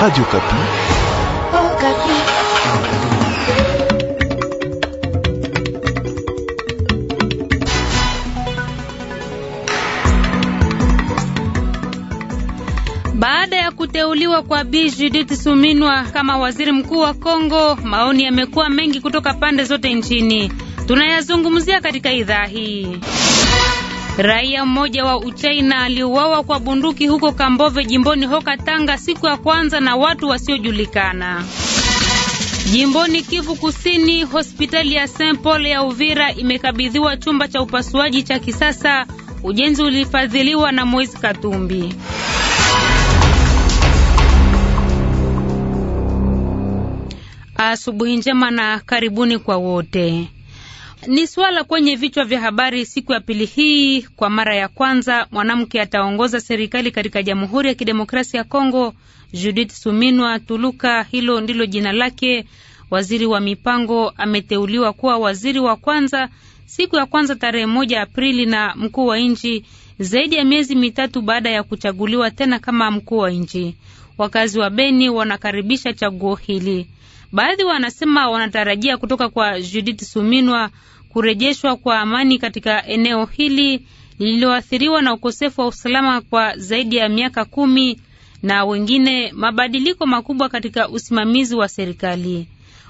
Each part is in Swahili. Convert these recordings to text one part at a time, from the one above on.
Radio Kapi. Oh, Kapi. Baada ya kuteuliwa kwa Bi Judith Suminwa kama waziri mkuu wa Kongo, maoni yamekuwa mengi kutoka pande zote nchini. Tunayazungumzia katika idhaa hii. Raia mmoja wa Uchina aliuawa kwa bunduki huko Kambove jimboni Hoka Tanga siku ya kwanza na watu wasiojulikana. Jimboni Kivu Kusini, hospitali ya Saint Paul ya Uvira imekabidhiwa chumba cha upasuaji cha kisasa. Ujenzi ulifadhiliwa na Moise Katumbi. Asubuhi njema na karibuni kwa wote ni swala kwenye vichwa vya habari siku ya pili hii. Kwa mara ya kwanza mwanamke ataongoza serikali katika Jamhuri ya Kidemokrasia ya Kongo. Judith Suminwa Tuluka, hilo ndilo jina lake. Waziri wa mipango ameteuliwa kuwa waziri wa kwanza siku ya kwanza tarehe moja Aprili na mkuu wa nchi zaidi ya miezi mitatu baada ya kuchaguliwa tena kama mkuu wa nchi. Wakazi wa Beni wanakaribisha chaguo hili. Baadhi wanasema wanatarajia kutoka kwa Judith Suminwa kurejeshwa kwa amani katika eneo hili lililoathiriwa na ukosefu wa usalama kwa zaidi ya miaka kumi na wengine mabadiliko makubwa katika usimamizi wa serikali.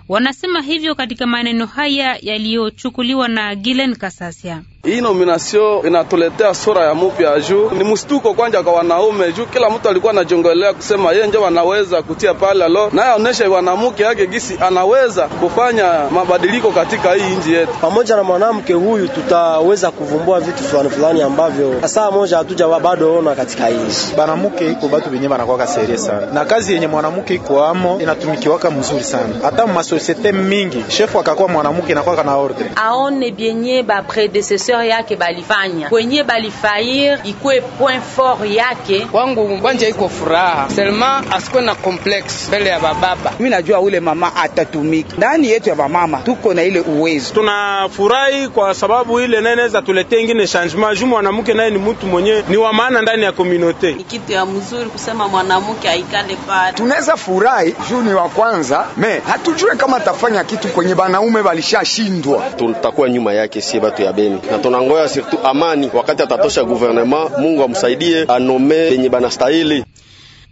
Wanasema hivyo katika maneno haya yaliyochukuliwa na Gilen Kasasia. Hii nominasio inatuletea sura ya mupya juu ni mustuko kwanja kwa wanaume, juu kila mtu alikuwa anajongelea kusema yeye ndio anaweza kutia pale alo, naye aonesha wanamuke yake gisi anaweza kufanya mabadiliko katika hii nchi yetu. Pamoja na mwanamke huyu, tutaweza kuvumbua vitu fulani fulani ambavyo saa moja hatuja bado ona katika nchi. Banamuke iko batu venye banakwaka serie sana na kazi yenye mwanamke iko amo inatumikiwaka mzuri sana, hata mu masosiete mingi shefu akakuwa mwanamke inakuwa kana ordre aone bienye ba predecesseur valeur yake balifanya kwenye balifair ikwe point fort yake. Kwangu kwanja iko furaha selma, asikwe na complex mbele ya bababa. Mimi najua ule mama atatumika ndani yetu ya bamama, tuko na ile uwezo. Tunafurahi kwa sababu ile naye naweza tuletea ingine changement juu mwanamke naye ni mtu mwenye ni wa maana ndani ya community. Ni kitu ya mzuri kusema mwanamke aikale pale, tunaweza furahi juu ni wa kwanza me hatujue kama atafanya kitu kwenye banaume balishashindwa, tutakuwa nyuma yake sie batu ya beni na tunangoya surtout amani, wakati atatosha guvernema. Mungu amsaidie anome yenye banastahili.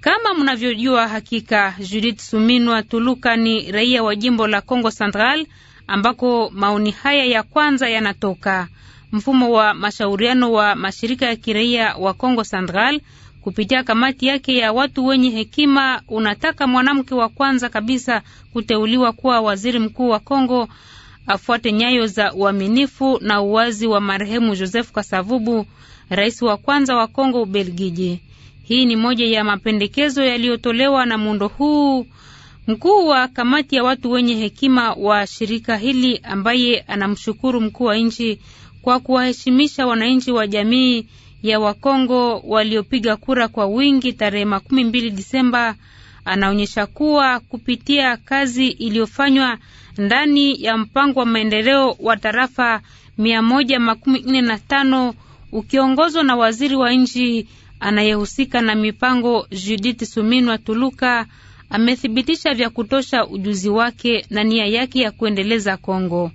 Kama mnavyojua, hakika Judith Suminwa Tuluka ni raia wa jimbo la Kongo Central ambako maoni haya ya kwanza yanatoka. Mfumo wa mashauriano wa mashirika ya kiraia wa Kongo Central kupitia kamati yake ya watu wenye hekima unataka mwanamke wa kwanza kabisa kuteuliwa kuwa waziri mkuu wa Kongo afuate nyayo za uaminifu na uwazi wa marehemu Joseph Kasavubu, rais wa kwanza wa Kongo Ubelgiji. Hii ni moja ya mapendekezo yaliyotolewa na muundo huu mkuu wa kamati ya watu wenye hekima wa shirika hili ambaye anamshukuru mkuu wa nchi kwa kuwaheshimisha wananchi wa jamii ya Wakongo waliopiga kura kwa wingi tarehe makumi mbili Disemba. Anaonyesha kuwa kupitia kazi iliyofanywa ndani ya mpango wa maendeleo wa tarafa mia moja makumi nne na tano ukiongozwa na waziri wa nchi anayehusika na mipango Judith Suminwa Tuluka amethibitisha vya kutosha ujuzi wake na nia yake ya kuendeleza Kongo.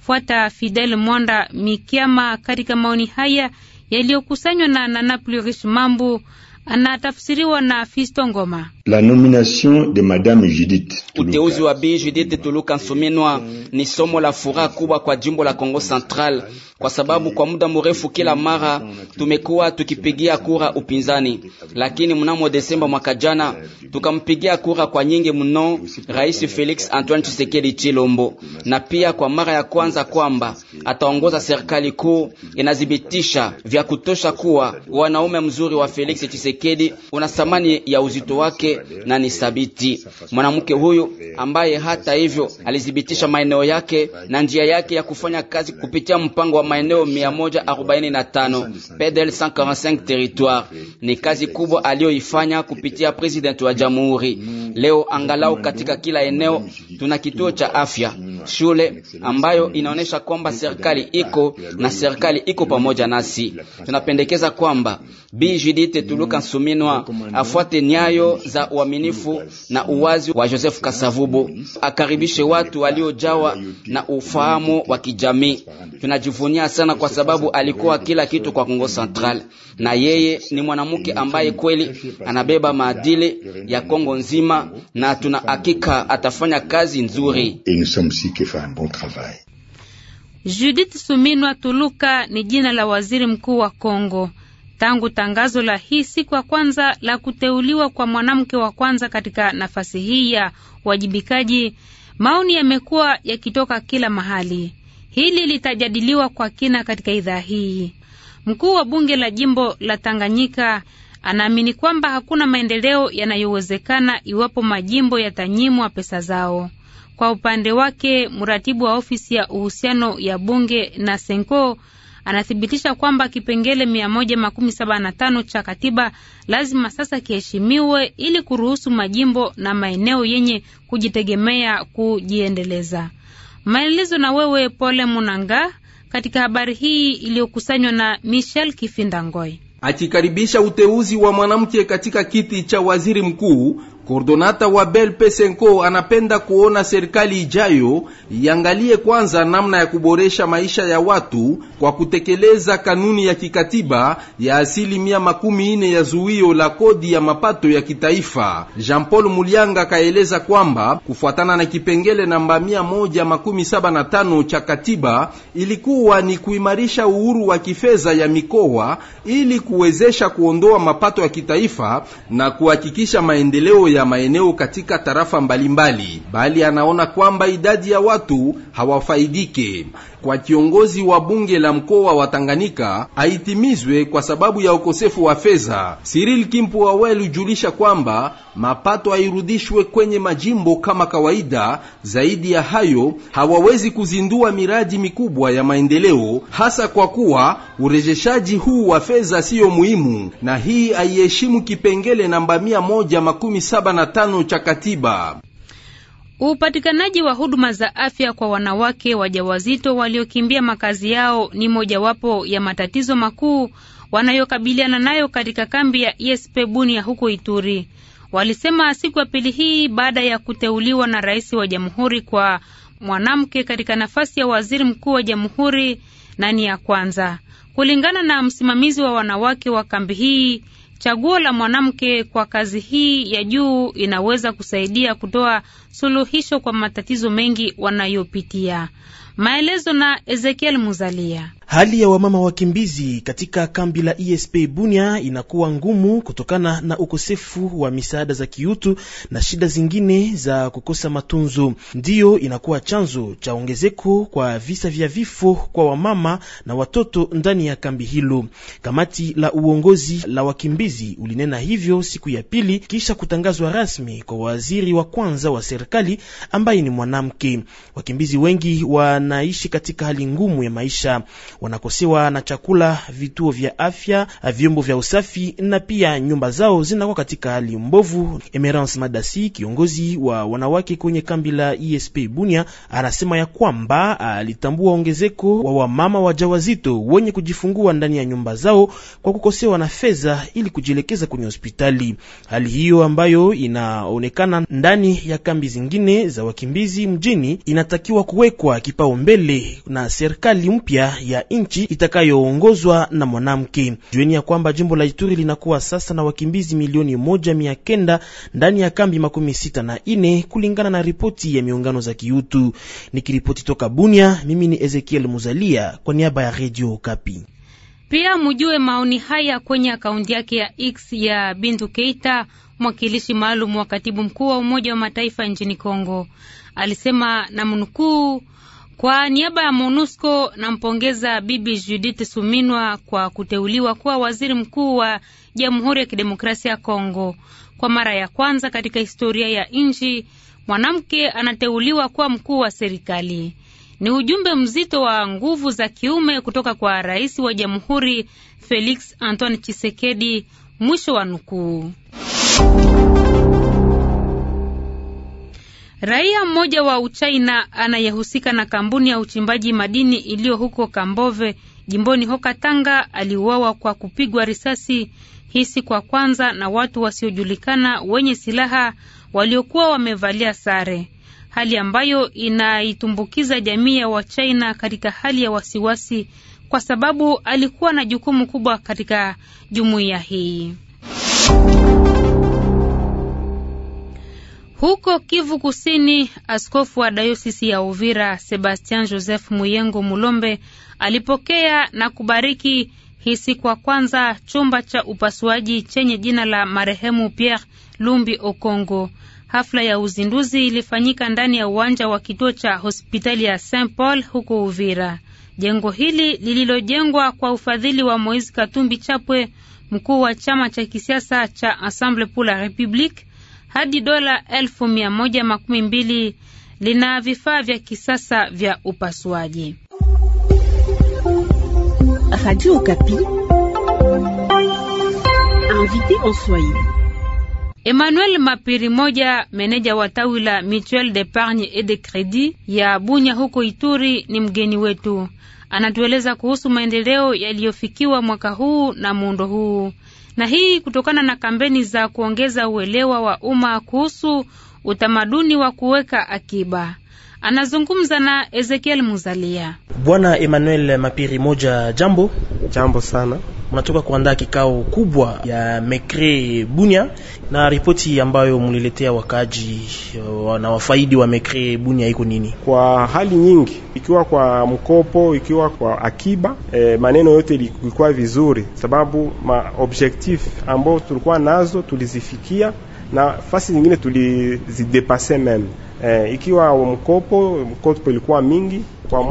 Fuata Fidel Mwanda Mikiama katika maoni haya yaliyokusanywa na Nana Plurish Mambu, anatafsiriwa na Fisto Ngoma. La nomination de Madame Judith uteuzi wa Bi Judith Tuluka Nsomenwa ni somo la furaha kubwa kwa jimbo la Kongo Central, kwa sababu kwa muda mrefu kila mara tumekuwa tukipigia kura upinzani, lakini mnamo Desemba mwaka jana tukampigia kura kwa nyingi mno Rais Felix Antoine Tshisekedi Chilombo, na pia kwa mara ya kwanza kwamba ataongoza serikali kuu inadhibitisha vya kutosha kuwa wanaume mzuri wa Felix Tshisekedi una thamani ya uzito wake na ni thabiti. Mwanamke huyu ambaye hata hivyo alithibitisha maeneo yake na njia yake ya kufanya kazi kupitia mpango wa maeneo 145 PEDEL 145 territoire, ni kazi kubwa aliyoifanya kupitia president wa jamhuri. Leo angalau katika kila eneo tuna kituo cha afya, shule ambayo inaonyesha kwamba serikali iko na serikali iko pamoja nasi. Tunapendekeza kwamba Bi Judith Tuluka Nsuminwa afuate nyayo za uaminifu na uwazi wa Joseph Kasavubu, akaribishe watu waliojawa na ufahamu wa kijamii. Tunajivunia sana kwa sababu alikuwa kila kitu kwa Kongo Central, na yeye ni mwanamke ambaye kweli anabeba maadili ya Kongo nzima, na tuna hakika atafanya kazi nzuri. Judith Suminwa Tuluka ni jina la waziri mkuu wa Kongo tangu tangazo la hii siku ya kwanza la kuteuliwa kwa mwanamke wa kwanza katika nafasi hii ya uwajibikaji, maoni yamekuwa yakitoka kila mahali. Hili litajadiliwa kwa kina katika idhaa hii. Mkuu wa bunge la jimbo la Tanganyika anaamini kwamba hakuna maendeleo yanayowezekana iwapo majimbo yatanyimwa pesa zao. Kwa upande wake, mratibu wa ofisi ya uhusiano ya bunge na Senko anathibitisha kwamba kipengele 175 cha katiba lazima sasa kiheshimiwe ili kuruhusu majimbo na maeneo yenye kujitegemea kujiendeleza. Maelezo na wewe Pole Munanga katika habari hii iliyokusanywa na Michel kifindangoy Akikaribisha uteuzi wa mwanamke katika kiti cha waziri mkuu, Kordonata wa bel pesenko anapenda kuona serikali ijayo iangalie kwanza namna ya kuboresha maisha ya watu kwa kutekeleza kanuni ya kikatiba ya asilimia makumi ine ya zuio la kodi ya mapato ya kitaifa. Jean Paul Mulianga kaeleza kwamba kufuatana na kipengele namba mia moja makumi saba na tano cha katiba ilikuwa ni kuimarisha uhuru wa kifedha ya mikoa ili kuwezesha kuondoa mapato ya kitaifa na kuhakikisha maendeleo ya maeneo katika tarafa mbalimbali mbali, bali anaona kwamba idadi ya watu hawafaidike kwa kiongozi wa bunge la mkoa wa Tanganyika aitimizwe kwa sababu ya ukosefu wa fedha. Cyril Kimpu awelijulisha kwamba mapato airudishwe kwenye majimbo kama kawaida. Zaidi ya hayo, hawawezi kuzindua miradi mikubwa ya maendeleo, hasa kwa kuwa urejeshaji huu wa fedha siyo muhimu, na hii aiheshimu kipengele namba mia moja makumi saba na tano cha katiba. Upatikanaji wa huduma za afya kwa wanawake wajawazito waliokimbia makazi yao ni mojawapo ya matatizo makuu wanayokabiliana nayo katika kambi ya buni Bunia huko Ituri. Walisema siku ya pili hii baada ya kuteuliwa na rais wa jamhuri kwa mwanamke katika nafasi ya waziri mkuu wa jamhuri na ni ya kwanza. Kulingana na msimamizi wa wanawake wa kambi hii, Chaguo la mwanamke kwa kazi hii ya juu inaweza kusaidia kutoa suluhisho kwa matatizo mengi wanayopitia. Maelezo na Ezekiel Muzalia. Hali ya wamama wakimbizi katika kambi la ISP e Bunia inakuwa ngumu kutokana na ukosefu wa misaada za kiutu na shida zingine za kukosa matunzo, ndiyo inakuwa chanzo cha ongezeko kwa visa vya vifo kwa wamama na watoto ndani ya kambi hilo. Kamati la uongozi la wakimbizi ulinena hivyo siku ya pili kisha kutangazwa rasmi kwa waziri wa kwanza wa serikali ambaye ni mwanamke. Wakimbizi wengi wanaishi katika hali ngumu ya maisha wanakosewa na chakula, vituo vya afya, vyombo vya usafi na pia nyumba zao zinakuwa katika hali mbovu. Emerance Madasi, kiongozi wa wanawake kwenye kambi la ISP e Bunia, anasema ya kwamba alitambua ongezeko wa wamama wajawazito wenye kujifungua ndani ya nyumba zao kwa kukosewa na fedha ili kujielekeza kwenye hospitali, hali hiyo ambayo inaonekana ndani ya kambi zingine za wakimbizi mjini inatakiwa kuwekwa kipaumbele na serikali mpya ya nchi itakayoongozwa na mwanamke. Jueni ya kwamba jimbo la Ituri linakuwa sasa na wakimbizi milioni moja mia kenda ndani ya kambi makumi sita na ine kulingana na ripoti ya miungano za kiutu. Nikiripoti toka Bunia, mimi ni Ezekiel Muzalia kwa niaba ya redio Kapi. Pia mujue maoni haya kwenye akaunti yake ya X ya Bintu Keita, mwakilishi maalum wa katibu mkuu wa Umoja wa Mataifa nchini Kongo, alisema na mnukuu kwa niaba ya MONUSCO nampongeza Bibi Judith Suminwa kwa kuteuliwa kuwa waziri mkuu wa Jamhuri ya Kidemokrasia ya Kongo. Kwa mara ya kwanza katika historia ya nchi, mwanamke anateuliwa kuwa mkuu wa serikali. Ni ujumbe mzito wa nguvu za kiume kutoka kwa rais wa jamhuri Felix Antoine chisekedi Mwisho wa nukuu. Raia mmoja wa Uchaina anayehusika na kampuni ya uchimbaji madini iliyo huko Kambove jimboni hokatanga aliuawa kwa kupigwa risasi hisi kwa kwanza na watu wasiojulikana wenye silaha waliokuwa wamevalia sare, hali ambayo inaitumbukiza jamii ya Wachaina katika hali ya wasiwasi, kwa sababu alikuwa na jukumu kubwa katika jumuiya hii. Huko Kivu Kusini, askofu wa dayosisi ya Uvira Sebastian Joseph Muyengo Mulombe alipokea na kubariki hisi kwa kwanza chumba cha upasuaji chenye jina la marehemu Pierre Lumbi Okongo. Hafla ya uzinduzi ilifanyika ndani ya uwanja wa kituo cha hospitali ya St Paul huko Uvira. Jengo hili lililojengwa kwa ufadhili wa Moise Katumbi Chapwe, mkuu wa chama cha kisiasa cha Ensemble pour la Republique hadi dola elfu mia moja makumi mbili lina vifaa vya kisasa vya upasuaji. Emmanuel Mapiri moja meneja wa tawi la Mutuelle d'Epargne et de Credit ya Bunya huko Ituri ni mgeni wetu. Anatueleza kuhusu maendeleo yaliyofikiwa mwaka huu na muundo huu na hii kutokana na kampeni za kuongeza uelewa wa umma kuhusu utamaduni wa kuweka akiba. Anazungumza na Ezekiel Muzalia. Bwana Emmanuel Mapiri, moja jambo. Jambo sana mnatoka kuandaa kikao kubwa ya Mekre Bunia na ripoti ambayo mliletea wakaji eh, na wafaidi wa Mekre Bunia iko nini? Kwa hali nyingi, ikiwa kwa mkopo, ikiwa kwa akiba, e, maneno yote ilikuwa vizuri, sababu ma objectif ambao tulikuwa nazo tulizifikia na fasi nyingine tulizidepase meme. e, eh, ikiwa mkopo, mkopo ilikuwa mingi kwa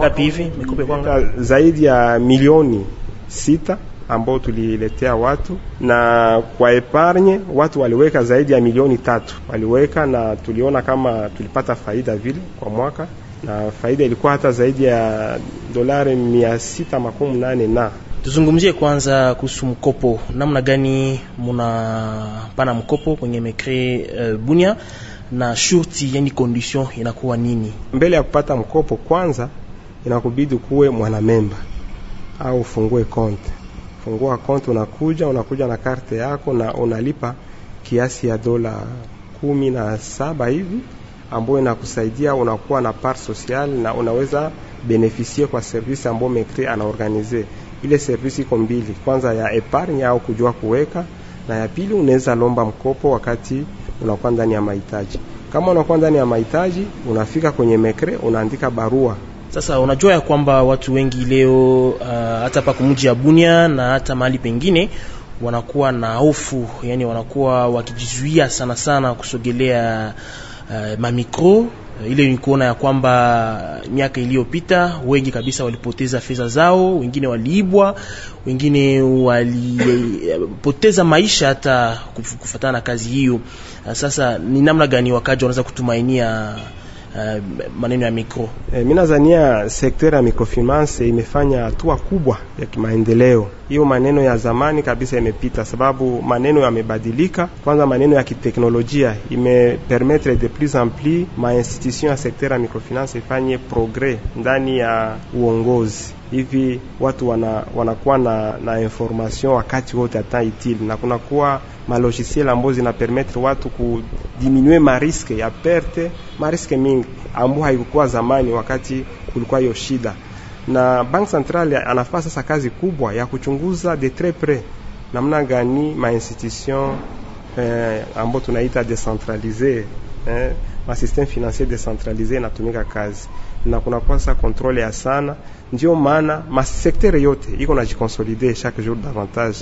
mwaka, zaidi ya milioni sita ambao tuliletea watu na kwa epargne watu waliweka zaidi ya milioni tatu waliweka, na tuliona kama tulipata faida vile kwa mwaka, na faida ilikuwa hata zaidi ya dolari mia sita makumi nane na Tuzungumzie kwanza kuhusu mkopo, namna gani munapana mkopo kwenye mekre uh, Bunia na shurti, yani condition inakuwa nini? Mbele ya kupata mkopo, kwanza inakubidi kuwe mwanamemba au ufungue konte unafungua akaunti, unakuja unakuja na karte yako na unalipa kiasi ya dola kumi na saba hivi ambayo inakusaidia unakuwa na part social na unaweza benefisie kwa service ambayo mekri anaorganize. Ile service iko mbili, kwanza ya epargne au kujua kuweka, na ya pili unaweza lomba mkopo wakati unakuwa ndani ya mahitaji. Kama unakuwa ndani ya mahitaji, unafika kwenye mekre, unaandika barua sasa unajua ya kwamba watu wengi leo uh, hata pa kumji ya Bunia na hata mahali pengine wanakuwa na hofu, yani wanakuwa wakijizuia sana sana kusogelea uh, mamikro ile ni kuona ya kwamba miaka iliyopita wengi kabisa walipoteza fedha zao, wengine waliibwa, wengine walipoteza maisha hata kufatana na kazi hiyo. Uh, sasa ni namna gani wakaji wanaweza kutumainia uh, maneno ya mikro eh, minazania sekter ya microfinance imefanya hatua kubwa ya kimaendeleo. Hiyo maneno ya zamani kabisa imepita, sababu maneno yamebadilika. Kwanza maneno ya kiteknolojia imepermetre de plus en plus institution ya sekter ya microfinance ifanye progres ndani ya uongozi hivi watu wana, wanakuwa na, na information wakati wote hata itili na kunakuwa malogiciel ambayo zinapermetre watu ku kudiminue mariske ya perte, mariske mingi ambu haikukuwa zamani wakati kulikuwa hiyo shida. Na Bank Central anafaa sasa kazi kubwa ya kuchunguza de tres pres namna gani ma institution eh, ambayo tunaita decentralize eh, ma systeme financier decentralize inatumika kazi na kunakwasa kontrole ya sana. Ndio maana masektere yote iko na jikonsolide chaque jour davantage,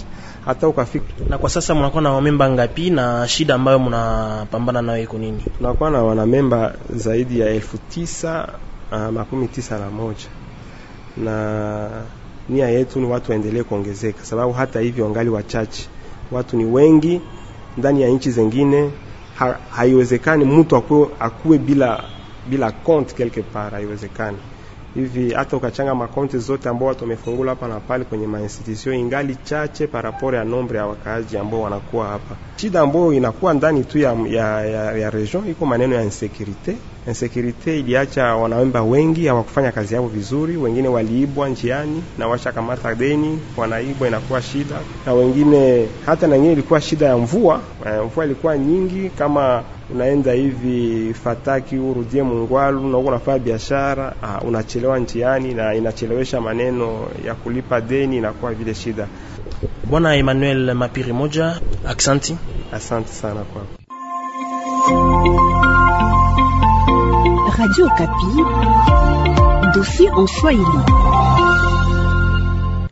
hata ukafika. Na kwa sasa mnakuwa na wamemba ngapi, na shida ambayo mnapambana nayo iko nini? Tunakuwa na wanamemba zaidi ya elfu tisa uh, makumi tisa na moja na nia yetu ni watu waendelee kuongezeka, sababu hata hivyo wangali wachache, watu ni wengi ndani ya nchi zengine. Ha, haiwezekani mtu akuwe bila bila konti quelque part, haiwezekani hivi. Hata ukachanga makonti zote ambao watu wamefungula hapa na pale kwenye mainstitution, ingali chache parapore ya nombre ya wakaaji ambao wanakuwa hapa. Shida ambayo inakuwa ndani tu ya, ya, ya, ya region iko maneno ya insecurite Insecurity iliacha wanawemba wengi hawakufanya kazi yao vizuri, wengine waliibwa njiani na washakamata deni, wanaibwa inakuwa shida, na wengine hata na wengine ilikuwa shida ya mvua. Eh, mvua ilikuwa nyingi, kama unaenda hivi Fataki urudie Mungwalu na uko unafanya biashara uh, unachelewa njiani na inachelewesha maneno ya kulipa deni, inakuwa vile shida. Bwana Emmanuel Mapiri moja, aksanti, asante sana kwako. Radio Kapi, dosi en Swahili.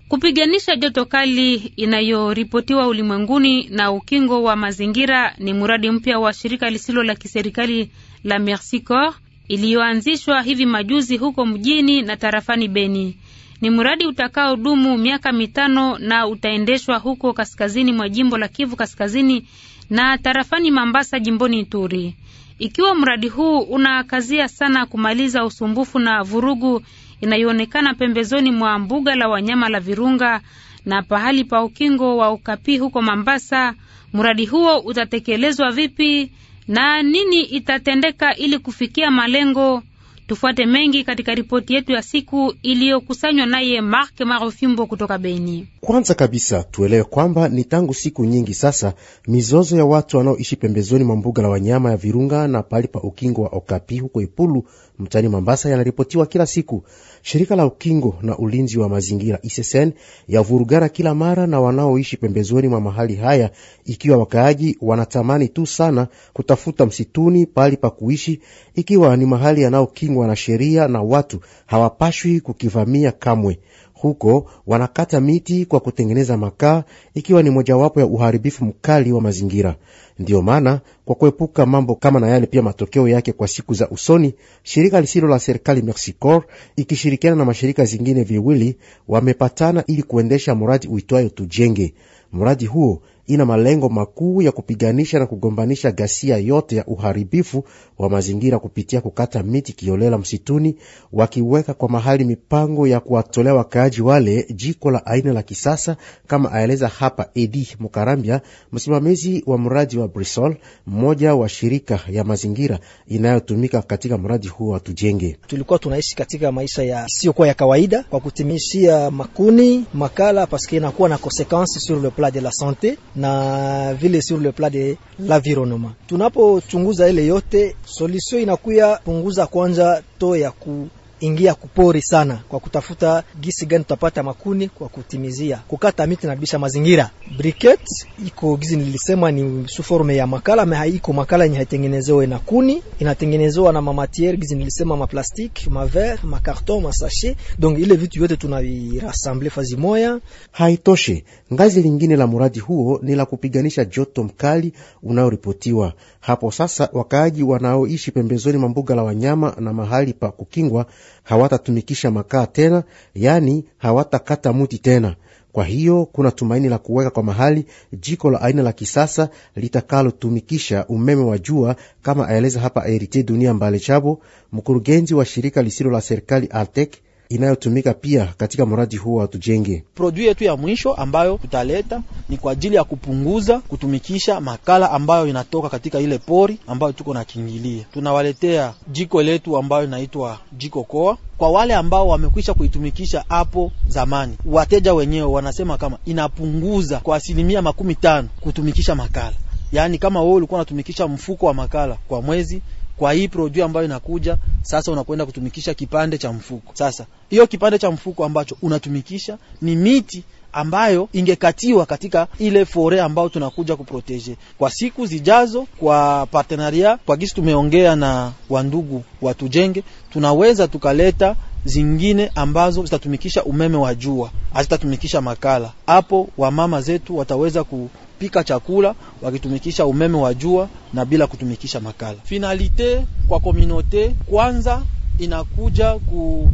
Kupiganisha joto kali inayoripotiwa ulimwenguni na ukingo wa mazingira ni mradi mpya wa shirika lisilo la kiserikali la Merci Corps iliyoanzishwa hivi majuzi huko mjini na tarafani Beni. Ni mradi utakaodumu miaka mitano na utaendeshwa huko kaskazini mwa jimbo la Kivu Kaskazini na tarafani Mambasa jimboni Ituri. Ikiwa mradi huu unakazia sana kumaliza usumbufu na vurugu inayoonekana pembezoni mwa mbuga la wanyama la Virunga na pahali pa ukingo wa Ukapi huko Mambasa, mradi huo utatekelezwa vipi na nini itatendeka ili kufikia malengo? Tufuate mengi katika ripoti yetu ya siku iliyokusanywa naye Mark Marofimbo kutoka Beni. Kwanza kabisa tuelewe kwamba ni tangu siku nyingi sasa mizozo ya watu wanaoishi pembezoni mwa mbuga la wanyama ya Virunga na pali pa ukingo wa Okapi huko Ipulu mtani Mambasa yanaripotiwa kila siku. Shirika la ukingo na ulinzi wa mazingira ISSN yavurugana kila mara na wanaoishi pembezoni mwa mahali haya, ikiwa wakaaji wanatamani tu sana kutafuta msituni pali pa kuishi ikiwa ni mahali yanayokingwa na sheria na watu hawapashwi kukivamia kamwe. Huko wanakata miti kwa kutengeneza makaa, ikiwa ni mojawapo ya uharibifu mkali wa mazingira. Ndiyo maana kwa kuepuka mambo kama na yale pia matokeo yake kwa siku za usoni, shirika lisilo la serikali mexicor ikishirikiana na mashirika zingine viwili wamepatana ili kuendesha mradi uitwayo Tujenge. Mradi huo ina malengo makuu ya kupiganisha na kugombanisha ghasia yote ya uharibifu wa mazingira kupitia kukata miti kiolela msituni, wakiweka kwa mahali mipango ya kuwatolea wakaaji wale jiko la aina la kisasa, kama aeleza hapa Edi Mukarambia, msimamizi wa mradi wa Brisol, mmoja wa shirika ya mazingira inayotumika katika mradi huo wa Tujenge. Tulikuwa tunaishi katika maisha ya siyokuwa ya kawaida kwa kutimishia makuni makala paske inakuwa na sur le plan de la sante na vile sur le plan de l'environnement. Tunapochunguza ile yote, solution inakuya punguza kwanza to ya ku ingia kupori sana kwa kutafuta gisi gani tutapata makuni kwa kutimizia kukata miti na kubisha mazingira. Briket iko gizi nilisema ni suforme ya makala me haiko makala yenye haitengenezewe na kuni, inatengenezewa na mamatiere gizi nilisema ma plastique, ma verre, ma carton, ma sachet. Donc ile vitu yote tunavirassemble fazi moya. Haitoshi, ngazi lingine la muradi huo ni la kupiganisha joto mkali unaoripotiwa hapo sasa. Wakaaji wanaoishi pembezoni mambuga la wanyama na mahali pa kukingwa hawatatumikisha makaa tena, yaani hawatakata muti tena. Kwa hiyo kuna tumaini la kuweka kwa mahali jiko la aina la kisasa litakalotumikisha umeme wa jua, kama aeleza hapa Heritier Dunia Mbale Chabo, mkurugenzi wa shirika lisilo la serikali Altec inayotumika pia katika mradi huo wa tujenge produi yetu ya mwisho ambayo tutaleta ni kwa ajili ya kupunguza kutumikisha makala ambayo inatoka katika ile pori ambayo tuko na kingilia. Tunawaletea jiko letu ambayo inaitwa jiko koa kwa wale ambao wamekwisha kuitumikisha hapo zamani, wateja wenyewe wanasema kama inapunguza kwa asilimia makumi tano kutumikisha makala. Yaani, kama wewe ulikuwa unatumikisha mfuko wa makala kwa mwezi, kwa hii produit ambayo inakuja sasa, unakwenda kutumikisha kipande cha mfuko. Sasa hiyo kipande cha mfuko ambacho unatumikisha ni miti ambayo ingekatiwa katika ile fore ambayo tunakuja kuproteje kwa siku zijazo. Kwa partenaria kwa gisi tumeongea na wandugu watujenge, tunaweza tukaleta zingine ambazo zitatumikisha umeme wa jua, hazitatumikisha makala. Hapo wamama zetu wataweza ku kupika chakula wakitumikisha umeme wa jua na bila kutumikisha makala. Finalite kwa kominote kwanza inakuja ku,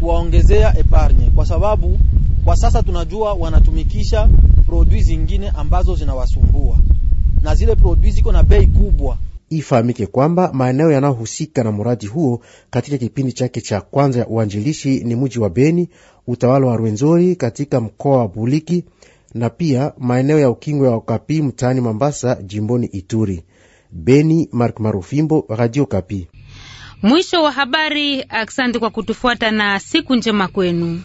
kuwaongezea epargne kwa sababu kwa sasa tunajua wanatumikisha produits zingine ambazo zinawasumbua na zile produits ziko na bei kubwa. Ifahamike kwamba maeneo yanayohusika na mradi huo katika kipindi chake cha kwanza ya uanjilishi ni mji wa Beni, utawala wa Rwenzori katika mkoa wa Buliki, na pia maeneo ya ukingo ya Okapi mtaani Mambasa, jimboni Ituri. Beni, Mark Marufimbo, Radio Kapi. Mwisho wa habari. Asante kwa kutufuata na siku njema kwenu.